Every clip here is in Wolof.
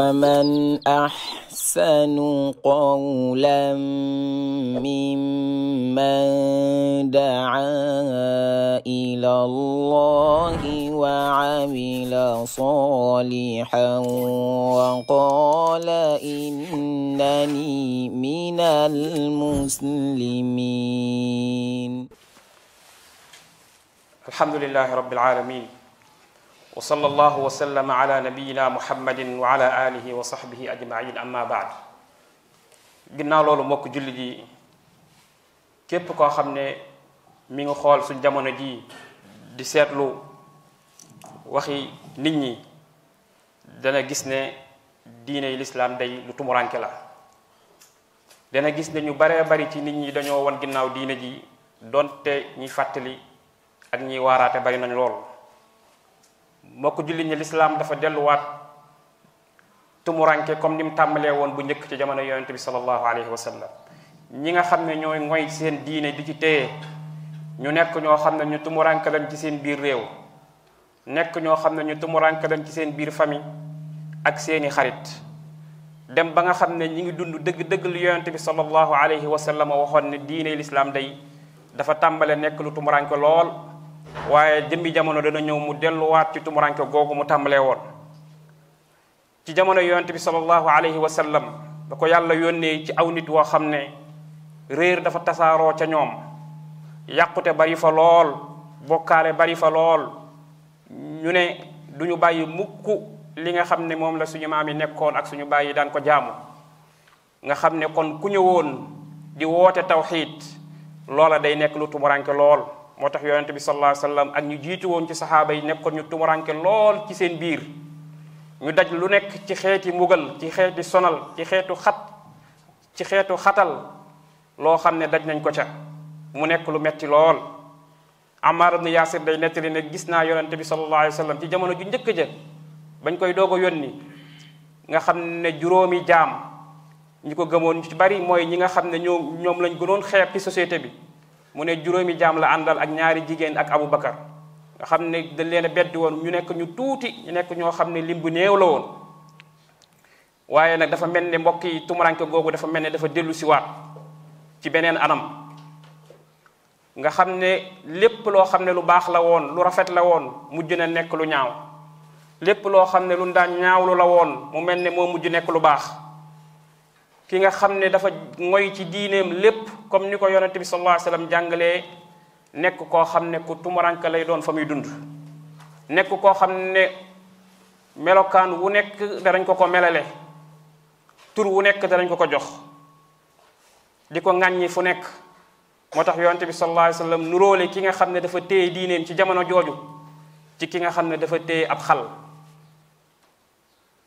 ومن أحسن قولا ممن دعا إلى الله وعمل صالحا وقال إنني من المسلمين الحمد لله رب العالمين wa sallallahu wa sallama ala nabiyina muhammadin wa ala alihi wa sahbihi ajmain amma ginnaaw loolu mokk jullit yi képp koo xam ne mi ngi xool suñ jamono ji di seetlu waxi nit ñi dana gis ne diine yi lislaam day lu tumuranke la dana gis ne ñu baree bari ci nit ñi dañoo won ginnaaw diine ji donte ñi fàttali ak ñiy waaraate bari nañ lool mbokk jullit ñi lislaam dafa delluwaat tumuranke comme ni mu tàmbalee woon bu njëkk ci jamono yonente bi salallahu alayhi wa ñi nga xam ne ñooy ngoy seen diine di ci téye ñu nekk ñoo xam ne ñu tumuranke lañ ci seen biir réew nekk ñoo xam ne ñu tumuranke lañ ci seen biir famille ak seeni xarit dem ba nga xam ne ñi ngi dund dëgg-dëgg lu yonente bi salallahu alayhi wa sallam waxoon ne diine lislaam day dafa tàmbale nekk lu tumuranke lool waaye jëmbi jamono dana ñëw mu delluwaat ci tumuranke googu mu tàmbalee woon ci jamono yonent bi sallallahu alayhi wa sallam da ko yàlla yónnee ci aw nit woo xam ne réer dafa tasaaroo ca ñoom yàqute bari fa lool bokkaale bari fa lool ñu ne du ñu bàyyi mukk li nga xam ne moom la suñu maam yi nekkoon ak suñu bàyyi daan ko jaamu nga xam ne kon ku ñëwoon di woote tawxiid loola day nekk lu tumuranke lool moo tax yonente bi sallallahu alayhi wa ak ñu jiitu woon ci saxaaba yi nekkoon ñu tumuranke lool ci seen biir ñu daj lu nekk ci xeeti mbugal ci xeeti sonal ci xeetu xat ci xeetu xatal loo xam ne daj nañ ko ca mu nekk lu metti lool Ammaar ibn Yaasir day nettali ne gis naa yonente bi sallallahu alayhi wa ci jamono ju njëkk ja bañ koy doog a yónni nga xam ne juróomi jaam ñi ko gëmoon ci bari mooy ñi nga xam ne ñoo ñoom lañ gënoon xeeb ci société bi mu ne juróomi jaam la àndal ak ñaari jigéen ak Abu Bakar nga xam ne dañ leen a beddi woon ñu nekk ñu tuuti ñu nekk ñoo xam ne lim bu néew la woon waaye nag dafa mel ne mbokk yi tumuranke googu dafa mel ne dafa si siwaat ci beneen anam nga xam ne lépp loo xam ne lu baax la woon lu rafet la woon mujj na nekk lu ñaaw lépp loo xam ne lu daan ñaawlu la woon mu mel ne moo mujj nekk lu baax ki nga xam ne dafa ngoy ci diineem lépp comme ni ko yonente bi sallallahu alayhi wasallam jàngalee nekk koo xam ne ku tumuranke lay doon fa muy dund nekk koo xam ne melokaan wu nekk danañ ko ko melale tur wu nekk danañ ko ko jox di ko ŋàññi fu nekk moo tax yonente bi sallallahu alayhi nuroole ki nga xam ne dafa téye diineem ci jamono jooju ci ki nga xam ne dafa téye ab xal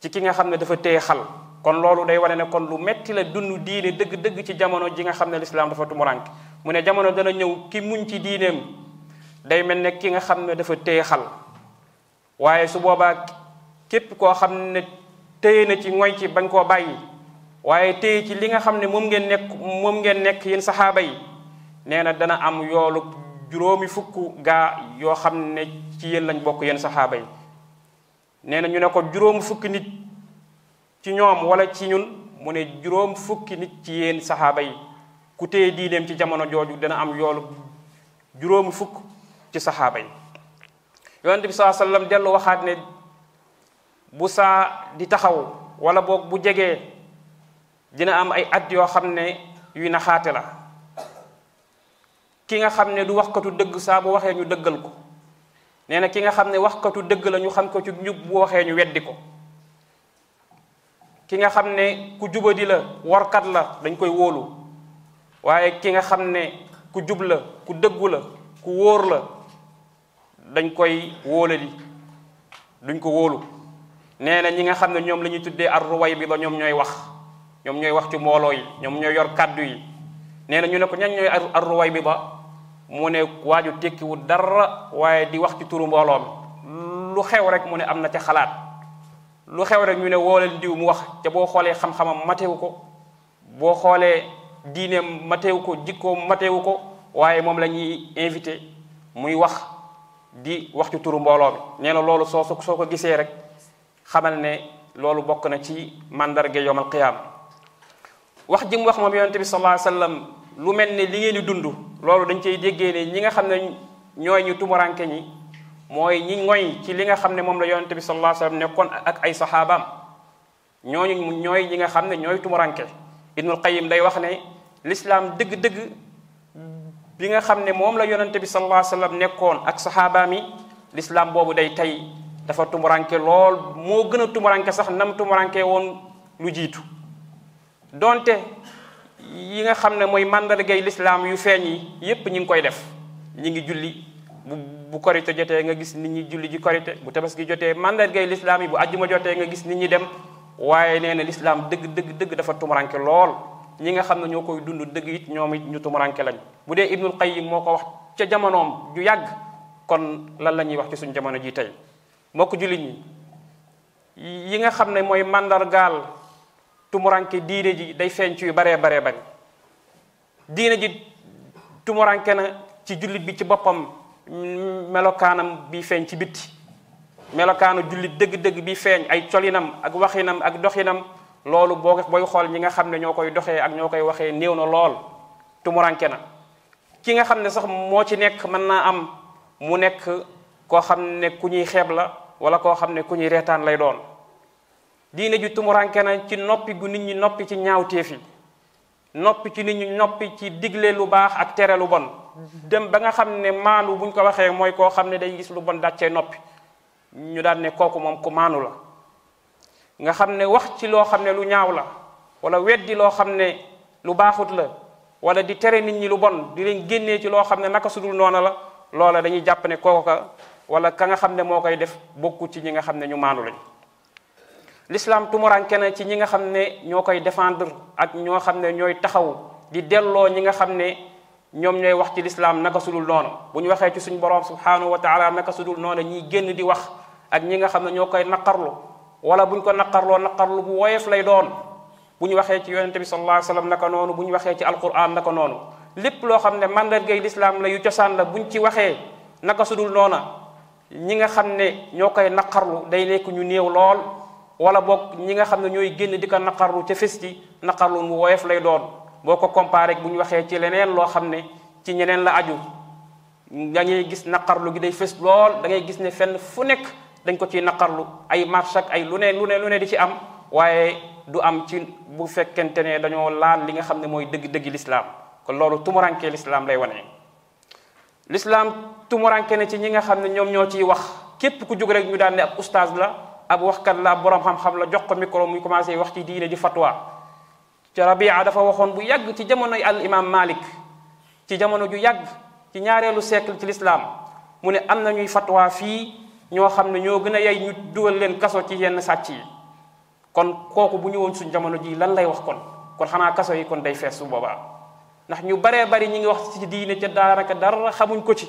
ci ki nga xam ne dafa téye xal kon loolu day wane ne kon lu metti la dund diine dëgg-dëgg ci jamono ji nga xam ne lislaam dafa tumurank mu ne jamono dana ñëw ki muñ ci diineem day mel ne ki nga xam ne dafa téye xal waaye su boobaa képp koo xam ne téye na ci ngoy ci bañ koo bàyyi waaye téye ci li nga xam ne moom ngeen nekk moom ngeen nekk yéen saxaaba yi nee na dana am yoolu juróomi fukk gaa yoo xam ne ci yéen lañ bokk yéen saxaaba yi nee na ñu ne ko juróomi fukki nit ci ñoom wala ci ñun mu ne juróom fukki nit ci yéen saxaaba yi ku téye diineem ci jamono jooju dina am yoolu juróomi fukk ci saxaaba yi yoon bi saa dellu waxaat ne bu saa di taxaw wala boog bu jegee dina am ay at yoo xam ne yuy naxaate la ki nga xam ne du waxkatu dëgg saa bu waxee ñu dëggal ko nee na ki nga xam ne waxkatu dëgg la ñu xam ko ci njub bu waxee ñu weddi ko ki nga xam ne ku jubadi la warkat la dañ koy wóolu waaye ki nga xam ne ku jub la ku dëggu la ku wóor la dañ koy wóolali duñ ko wóolu nee na ñi nga xam ne ñoom la ñuy tuddee arruway bi ba ñoom ñooy wax ñoom ñooy wax ci mbooloo yi ñoom ñooy yor kàddu yi nee na ñu ne ko ñan ñooy arruway bi ba mu ne waaju tekkiwu dara waaye di wax ci turu mbooloo lu xew rek mu ne am na ca xalaat lu xew rek ñu ne woo leen diw mu wax te boo xoolee xam-xamam matewu ko boo xoolee diineem matewu ko jikkoom matewu ko waaye moom la ñuy invité muy wax di wax ci turu mbooloo mi nee na loolu soo soo ko gisee rek xamal ne loolu bokk na ci mandarga yomal qiyaam wax ji mu wax moom yonente bi sallallahu alayhi wasallam lu mel ni li ngeen di dund loolu dañ cey déggee ne ñi nga xam ne ñooy ñu tumuraanke ñi mooy ñi ngoy ci li nga xam ne moom la yonente bi sallallahu nekkoon ak ay saxaabaam ñooñu ñooy ñi nga xam ne ñooy tumuranke ibnul qayim day wax ne lislaam dëgg-dëgg bi nga xam ne moom la yonente bi sallallahu nekkoon ak saxaabaam yi lislaam boobu day tey dafa tumuranke lool moo gën a tumuranke sax nam tumuranke woon lu jiitu donte yi nga xam ne mooy màndargay lislaam yu feeñ yi yépp ñi ngi koy def ñi ngi julli bu bu korite jotee nga gis nit ñi julli ji korite bu tabaski jotee mandargay lislaam yi bu ajjuma jotee nga gis nit ñi dem waaye nee na lislaam dëgg dëgg dëgg dafa tumuranke lool ñi nga xam ne ñoo koy dund dëgg it ñoom it ñu tumuranke lañ bu dee ibnul qayyim moo ko wax ca jamonoom ju yàgg kon lan la ñuy wax ci suñu jamono ji tey mbokk jullit ñi yi nga xam ne mooy mandargaal tumuranke diine ji day feeñ yu baree baree bari diine ji tumuranke na ci jullit bi ci boppam melokaanam bi feeñ ci bitti melokaanu jullit dëgg-dëgg bi feeñ ay colinam ak waxinam ak doxinam loolu boo booy xool ñi nga xam ne ñoo koy doxee ak ñoo koy waxee néew na lool tumuranke na ki nga xam ne sax moo ci nekk mën naa am mu nekk koo xam ne ku ñuy xeeb la wala koo xam ne ku ñuy reetaan lay doon diine ji tumuranke na ci noppi gu nit ñi noppi ci ñaawteef yi noppi ci nit ñi noppi ci digle lu baax ak tere lu bon dem ba nga xam ne maandu bu ñu ko waxee mooy koo xam ne day gis lu bon dàccee noppi ñu daan ne kooku moom ku maanu la nga xam ne wax ci loo xam ne lu ñaaw la wala weddi loo xam ne lu baaxut la wala di tere nit ñi lu bon di leen génnee ci loo xam ne naka sudul noona la loola dañuy jàpp ne kooku ka wala ka nga xam ne moo koy def bokku ci ñi nga xam ne ñu maanu lañ l'islam tumuranke na ci ñi nga xam ne ñoo koy défendre ak ñoo xam ne ñooy taxaw di ñoom ñooy wax ci lislaam naka sudul noonu bu ñu waxee ci suñu borom subhanahu wa taala naka sudul noonu ñiy génn di wax ak ñi nga xam ne ñoo koy naqarlu wala bu ko naqarloo naqarlu bu woyof lay doon bu ñu waxee ci yonente bi sallallahu alayhi naka noonu bu ñu waxee ci alquran naka noonu lépp loo xam ne mandargay lislaam la cosaan la buñ ci waxee naka sudul noona ñi nga xam ne ñoo koy naqarlu day nekk ñu néew lool wala boog ñi nga xam ne ñooy génn di ko naqarlu ca fés ci naqarlu mu woyof lay doon boo ko comparé bu ñu waxee ci leneen loo xam ne ci ñeneen la aju da gis naqarlu gi day fës lool dangay gis ne fenn fu nekk dañ ko ciy naqarlu ay marche ay lu ne lu ne lu ne di ci am waaye du am ci bu fekkente ne dañoo laal li nga xam ne mooy dëgg-dëgg lislaam kon loolu tumuranke lislaam lay wane lislaam tumuranke ne ci ñi nga xam ne ñoom ñoo ciy wax képp ku jóg rek ñu daan ne ab ustaaz la ab waxkat la ab boroom xam-xam la jox ko micro muy commencé wax ci diine ji fatwa ci rabia dafa waxoon bu yàgg ci jamono al imam malik ci jamono ju yàgg ci ñaareelu siècle ci lislaam mu ne am na ñuy fatwa fii ñoo xam ne ñoo gën a yay ñu dugal leen kaso ci yenn sàcc yi kon kooku bu ñëwoon suñ jamono ji lan lay wax kon kon xanaa kaso yi kon day fees su boobaa ndax ñu baree bari ñu ngi wax ci diine ca daanaka dara xamuñ ko ci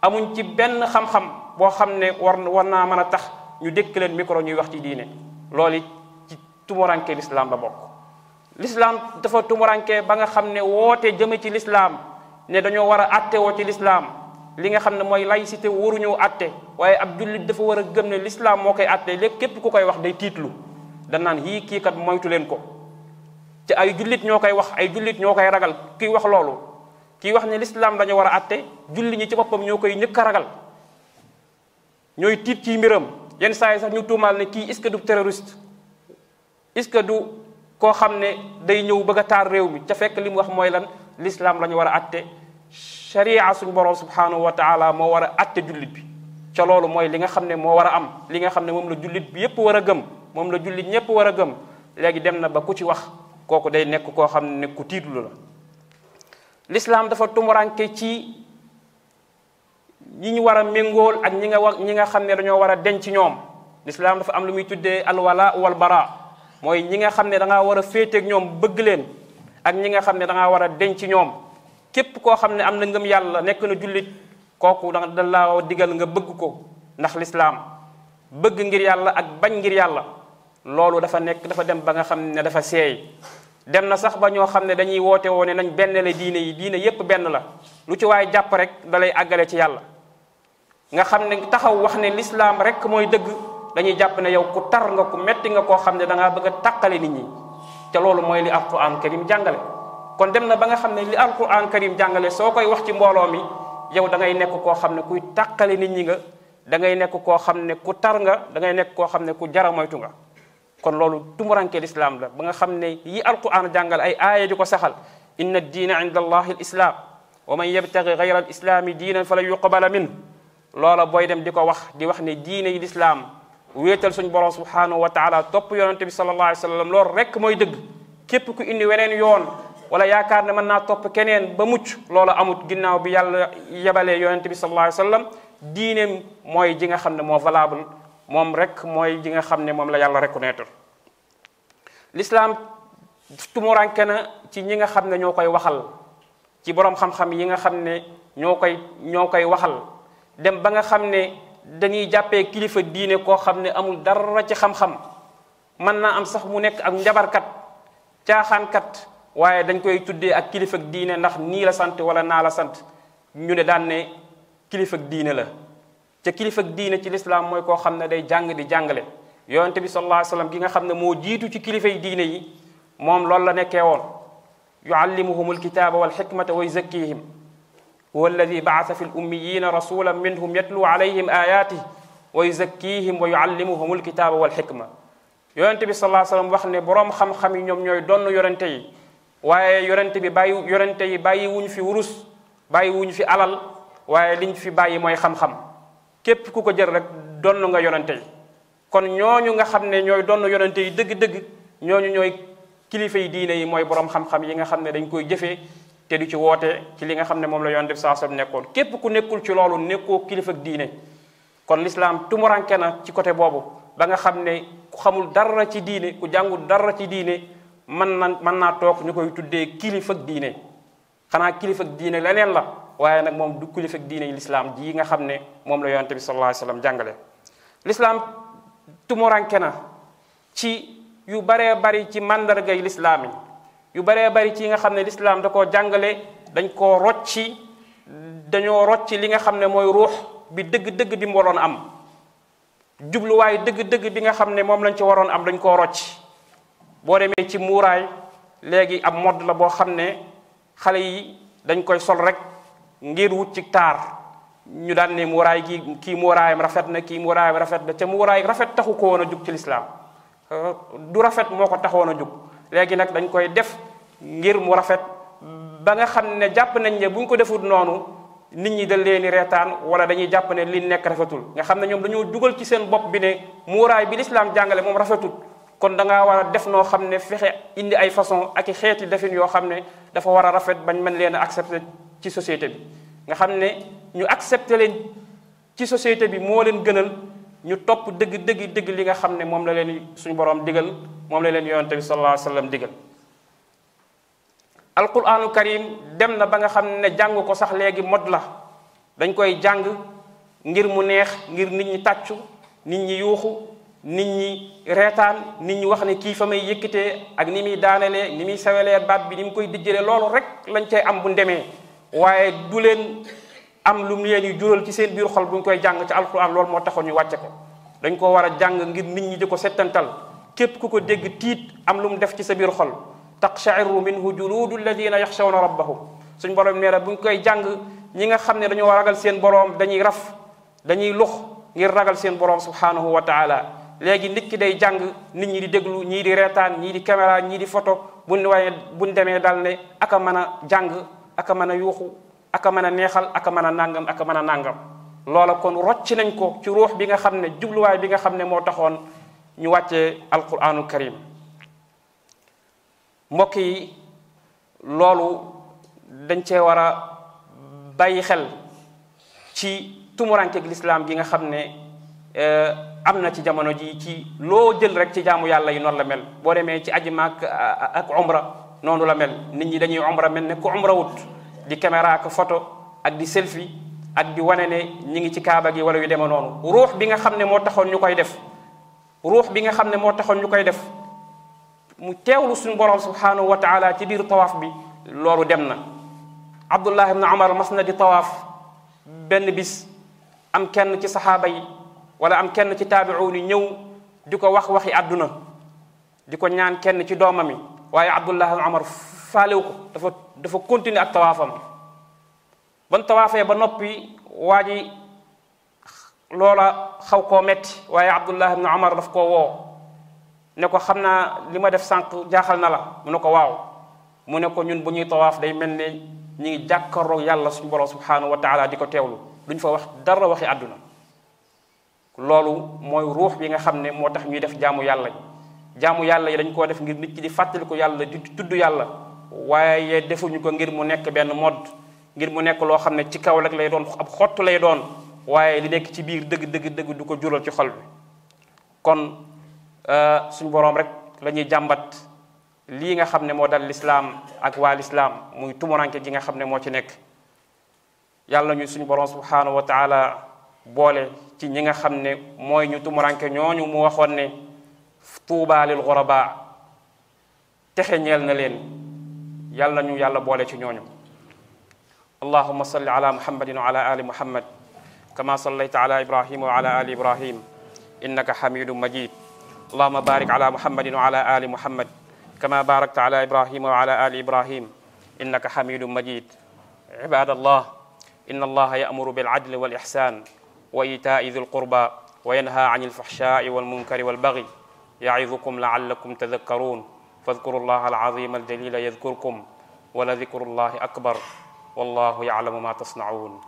amuñ ci benn xam-xam boo xam ne war war naa mën a tax ñu dékk leen micro ñuy wax ci diine loolu ci tumuranke lislaam la bokk l'islam dafa tumuranke ba nga xam ne woote jëme ci lislaam ne dañoo war a atte woo ci lislaam li nga xam ne mooy laïcité waruñu atte waaye ab jullit dafa war a gëm ne l'islam moo koy atte léegi képp ku koy wax day tiitlu danaan yii kii kat moytu leen ko ci ay jullit ñoo koy wax ay jullit ñoo koy ragal kiy wax loolu kiy wax ne l'islam dañu war a atte julli ñi ci boppam ñoo koy ñëkk ragal ñooy tiit ci mbiram yenn saa sax ñu tuumaal ne kii est-ce que du terroriste est-ce que du koo xam ne day ñëw bëgg a taar réew mi ca fekk li mu wax mooy lan lislaam la ñu war a atte sharia suñu borom subhanahu wa taala moo war a atte jullit bi ca loolu mooy li nga xam ne moo war a am li nga xam ne moom la jullit bi yépp war a gëm moom la jullit ñépp war a gëm léegi dem na ba ku ci wax kooku day nekk koo xam ne ku tiitlu la lislaam dafa tumuraanke ci ñi ñu war a méngool ak ñi nga wax ñi nga xam ne dañoo war a denc ñoom lislaam dafa am lu muy tuddee alwala wal bara mooy ñi nga xam ne da war a féeteeg ñoom bëgg leen ak ñi nga xam ne da war a denc ñoom képp koo xam ne am na ngëm yàlla nekk na jullit kooku da da laa digal nga bëgg ko ndax lislaam bëgg ngir yàlla ak bañ ngir yàlla loolu dafa nekk dafa dem ba nga xam ne dafa seey dem na sax ba ñoo xam ne dañuy woote woo ne nañ benn la diine yi diine yépp benn la lu ci waaye jàpp rek dalay àggale ci yàlla nga xam ne taxaw wax ne lislaam rek mooy dañuy jàpp na yow ku tar nga ku metti nga koo xam ne da ngaa bëgg a tàqale nit ñi te loolu mooy li alquran karim jàngale kon dem na ba nga xam ne li alquran karim jàngale soo koy wax ci mbooloo mi yow da ngay nekk koo xam ne kuy tàqale nit ñi nga da nekk koo xam ne ku tar nga da ngay nekk koo xam ne ku jara moytu nga kon loolu tumuranke lislaam la ba nga xam ne yi alquran jàngale ay aaya di ko saxal inna diina inda allahi alislaam wa man yabtagi gayra alislaami diinan falan yuqbala min loola booy dem di ko wax di wax ne diine yi lislaam wéetal suñ borom subhanahu wa taala topp yonente bi sallallahu alayhi wa sallam loolu rek mooy dëgg képp ku indi weneen yoon wala yaakaar ne mën naa topp keneen ba mucc loolu amut ginnaaw bi yàlla yebalee yonente bi sallallahu alayhi wa sallam diineem mooy ji nga xam ne moo valable moom rek mooy ji nga xam ne moom la yàlla reconnaître l'islam tumuranke na ci ñi nga xam ne ñoo koy waxal ci boroom xam-xam yi nga xam ne ñoo koy ñoo koy waxal dem ba nga xam ne dañuy jàppee kilifa diine koo xam ne amul dara ci xam-xam mën naa am sax mu nekk ak njabarkat caaxaankat waaye dañ koy tuddee ak kilifa diine ndax nii la sant wala naa la sant ñu ne daan ne kilifa diine la ca kilifa diine ci lislaam mooy koo xam ne day jàng di jàngale yonente bi sallallahu alayhi wasallam gi nga xam ne moo jiitu ci kilifay diine yi moom loolu la nekkee woon yuallimuhumul kitaaba wal xikmata wa yuzakkihim huwa alladi baasa fi lummiyina rasulan minhum yatlu alayhim ayatih wa yuzakkihim wa yuallimuhum alkitaaba walxikma yonente bi salaa sallam wax ne boroom xam yi ñoom ñooy donn yonente yi waaye yonente bi bàyyi yonente yi bàyyi fi wurus bàyyi wuñ fi alal waaye liñ fi bàyyi mooy xam képp ku ko jël rek donn nga yonente yi kon ñooñu nga xam ne ñooy donn yonente yi dëgg-dëgg ñooñu ñooy kilifa yi diine yi mooy boroom xam-xam yi nga xam ne dañ koy jëfee te du ci woote ci li nga xam ne moom la yoon def saa sam nekkoon képp ku nekkul ci loolu nekkoo kilifa diine kon lislaam tumuranke na ci côté boobu ba xam ne ku xamul dara ci diine ku jàngul dara ci diine mën na mën naa toog ñu koy tuddee kilifa ak xanaa kilifa ak diine leneen la waaye nag moom du kilifa ak lislaam ji nga xam ne moom la yonent bi sallallahu alayhi wasallam jàngale lislaam tumuranke na ci yu baree bari ci mandargay lislaam yu baree bari ci nga xam ne lislaam da koo jàngale dañ koo rocci dañoo rocci li nga xam ne mooy ruux bi dëgg-dëgg bi mu waroon am jubluwaay dëgg-dëgg bi nga xam ne moom lañ ci waroon am dañ koo rocci boo demee ci muuraay léegi ab modd la boo xam ne xale yi dañ koy sol rek ngir wut ci taar ñu daan ne muuraay gi kii muuraayam rafet na kii muuraayam rafet na ca muuraay rafet taxu ko woon a jug ci lislaam euh, du rafet moo ko taxoon a jug léegi nag dañ koy def ngir mu rafet ba nga xam ne jàpp nañ ne bu ñu ko defut noonu nit ñi da leen di reetaan wala dañuy jàpp ne li nekk rafetul nga xam ne ñoom dañoo dugal ci seen bopp bi ne muuraay bi lislaam jàngale moom rafetul kon da ngaa war a def noo xam ne fexe indi ay façon ak i xeeti defin yoo xam ne dafa war a rafet bañ mën leen a ci société bi nga xam ne ñu accepté leen ci société bi moo leen gënal ñu topp dëgg dëgg dëgg li nga xam ne moom la leen suñu borom digal moom la leen yonente bi sallallahu alayhi wa sallam digal alquranu dem na ba nga xam ne jàng ko sax léegi mod la dañ koy jàng ngir mu neex ngir nit ñi tàccu nit ñi yuuxu nit ñi reetaan nit ñi wax ne kii fa may yëkkatee ak ni muy daanale ni muy sewelee baat bi ni mu koy dijjalee loolu rek lañ cay am bu ndemee waaye du leen am lu mu leen ñu jural ci seen biir xol bu ñu koy jàng ci alxuraan loolu moo taxoon ñu wàcce ko dañ koo war a jàng ngir nit ñi di ko settantal képp ku ko dégg tiit am lu mu def ci sa biir xol taqshairu minhu juludu alladina yaxshawna rabbahum suñ borom nee rek bu ñu koy jàng ñi nga xam ne dañoo ragal seen boroom dañuy raf dañuy lux ngir ragal seen boroom subhanahu wa taala léegi nit ki day jàng nit ñi di déglu ñii di reetaan ñii di caméra ñii di photo buñ waaye buñ demee daal ne aka mën a jàng aka mën a yuuxu aka mën a neexal aka mën a nàngam aka mën a nàngam loola kon rocc nañ ko ci ruux bi nga xam ne jubluwaay bi nga xam ne moo taxoon ñu wàcce wàccee alquranul karim mbokk yi loolu dañ cee war a bàyyi xel ci tumurankeeg lislaam gi nga xam ne eh, am na ci jamono ji ci loo jël rek ci jaamu yàlla yi noonu la mel boo demee ci aji maak eh, ak umra noonu la mel nit ñi dañuy umra mel ne ku umra wut di caméra ak photo ak di selfie ak di wane ne ñi ngi ci kaaba gi wala yu deme noonu ruux bi nga xam ne moo taxoon ñu koy def ruux bi nga xam ne moo taxoon ñu koy def mu teewlu suñu borom subhanahu wa taala ci biir tawaaf bi loolu dem na abdullah ibn amar mas na di tawaaf benn bis am kenn ci saxaaba yi wala am kenn ci taabi'un yi ñëw di ko wax waxi àdduna di ko ñaan kenn ci doomam yi waaye abdullah ibn amar faalewu ko dafa dafa continuer ak tawaafam ban tawaafee ba noppi waa ji loola xaw koo metti waaye abdullah ibn omar daf koo woo ne ko xam naa li ma def sanq jaaxal na la mu ne ko waaw mu ne ko ñun bu ñuy tawaaf day mel ne ñu ngi jàkkaroo yàlla suñu borom subhanahu wa taala di ko teewlu duñ fa wax dara waxi àdduna loolu mooy ruux bi nga xam ne moo tax ñuy def jaamu yàlla jaamu yàlla yi dañ koo def ngir nit ñi di fàttaliku yàlla di tudd yàlla waaye defuñu ko ngir mu nekk benn modd ngir mu nekk loo xam ne ci kaw rek lay doon ab xottu lay doon waaye li nekk ci biir dëgg dëgg dëgg du ko jural ci xol bi kon euh, suñ borom rek lañuy jàmbat lii nga xam ne moo dal lislaam ak waa lislaam muy tumuranke gi nga xam ne moo ci nekk yàlla ñu suñu boroom subhanahu wa taala boole ci ñi nga xam ne mooy ñu tumuranke ñooñu mu waxoon ne tuubaa lil xurabaa texe ñeel na leen yàlla ñu yàlla boole ci ñooñu allahuma salli ala muhammadin wa ala ali muhammad kama sallayta ala ibrahima wa ala ali ibrahim innaka hamidum majid allahuma barik ala muhammadin wa ala ali muhammad kama barakta ala ibrahima wa ala ali ibrahim innaka hamidum majid عباد الله إن الله يأمر بالعدل والإحسان وإيتاء ذي القربى وينهى عن الفحشاء والمنكر والبغي يعظكم لعلكم تذكرون fadkuru llaha alazima aljalila yadkurkum wala dikru llahi akbar wallahu yaalamu ma tasnaun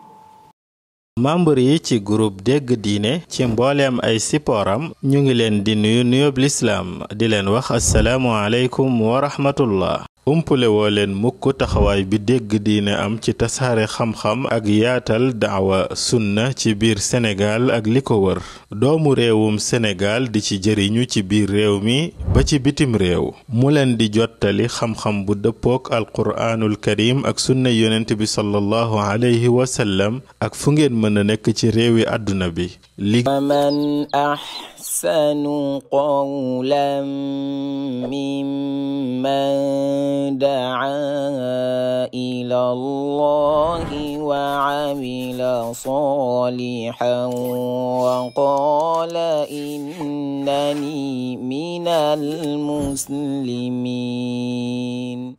membre yi ci groupe dégg diine ci mbooleem ay sipooram ñu ngi leen di nuyu nuyoob lislaam di leen wax asalaamu aleykum wa rahmatullah umpule woo leen mukk taxawaay bi dégg diine am ci tasaare xam-xam ak yaatal daawa sunna ci biir Sénégal ak li ko wër doomu réewum senegaal di ci jëriñu ci biir réew mi ba ci bitim réew mu leen di jottali xam-xam bu dëppook alquraanul karim ak sunna yonent bi sallallahu alayhi wa ak fu ngeen mën a nekk ci réewi àdduna bi ومن أحسن قولا ممن دعا إلى الله وعمل صالحا وقال إنني من المسلمين